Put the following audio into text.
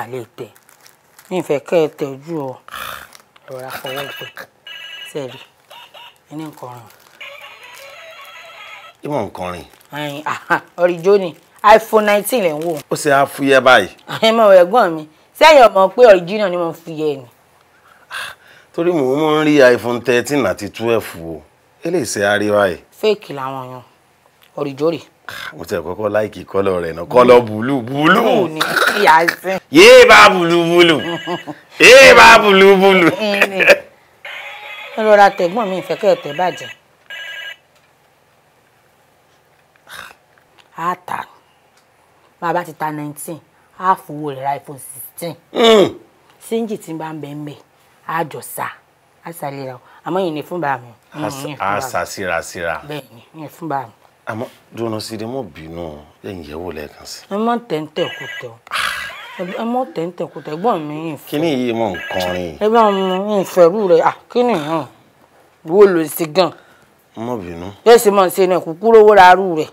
a lè tẹ̀ mi fẹ́ kẹ́ ẹ tẹ̀ ojú ah, ọ rọra fọwọ́ ìpè sẹ́ẹ̀rì ẹni nǹkan rìn. ìmọ̀ nǹkan rìn. ọ̀rìjó ni iPhone nineteen lẹ̀ ń wò. ó ṣe àfúyẹ́ báyìí. ẹ̀mọ ẹ̀gbọ́n mi sẹ́yìn ọmọ pé original ni mo fi yẹ ni. Ah, torí mò ń rí iPhone thirteen àti twelve o eléyìí ṣe àríwá yìí. fake làwọn yàn ọ̀rìjọ́rì. Ah, mo ti kọ́kọ́ láìkì kọ́lọ̀ rẹ̀ náà kọ́lọ̀ bùlù bùlù. yéé bá bùlù bùlù yéé bá bùlù bùlù. ẹ rọra tẹ̀gbọ́n mi ìfẹ́ kẹ́ ẹ tẹ̀ bàjẹ́. Ah, a ta bàbá ti ta nineteen a fowó rẹ̀ ra iphone sixteen. Hmm. síńjì tí n bá ń bẹ̀ ń bẹ̀ a jọ sá a sàlẹ̀ rà àmọ́ yìí ni fún bàá mi. a sà síra síra. bẹ́ẹ̀ ni fún bàá mi àmọ́ dùnà sí ni mo bínú ẹ̀yìn yẹ̀wò lẹ́ẹ̀kan sí. ẹ má tẹ̀ǹtẹ̀ kú tẹ̀ o ẹ má tẹ̀ǹtẹ̀ kú tẹ̀ ẹ̀gbọ́n mi yìí fún. kí ni iye mọ̀ nǹkan rìn. ẹ bá mu ìfẹ̀rù rẹ̀ à kí ni hàn wo ló ń gan. mo bínú. bẹ́ẹ̀ sì máa ń ṣe náà kúkúrú owó ra arú rẹ̀.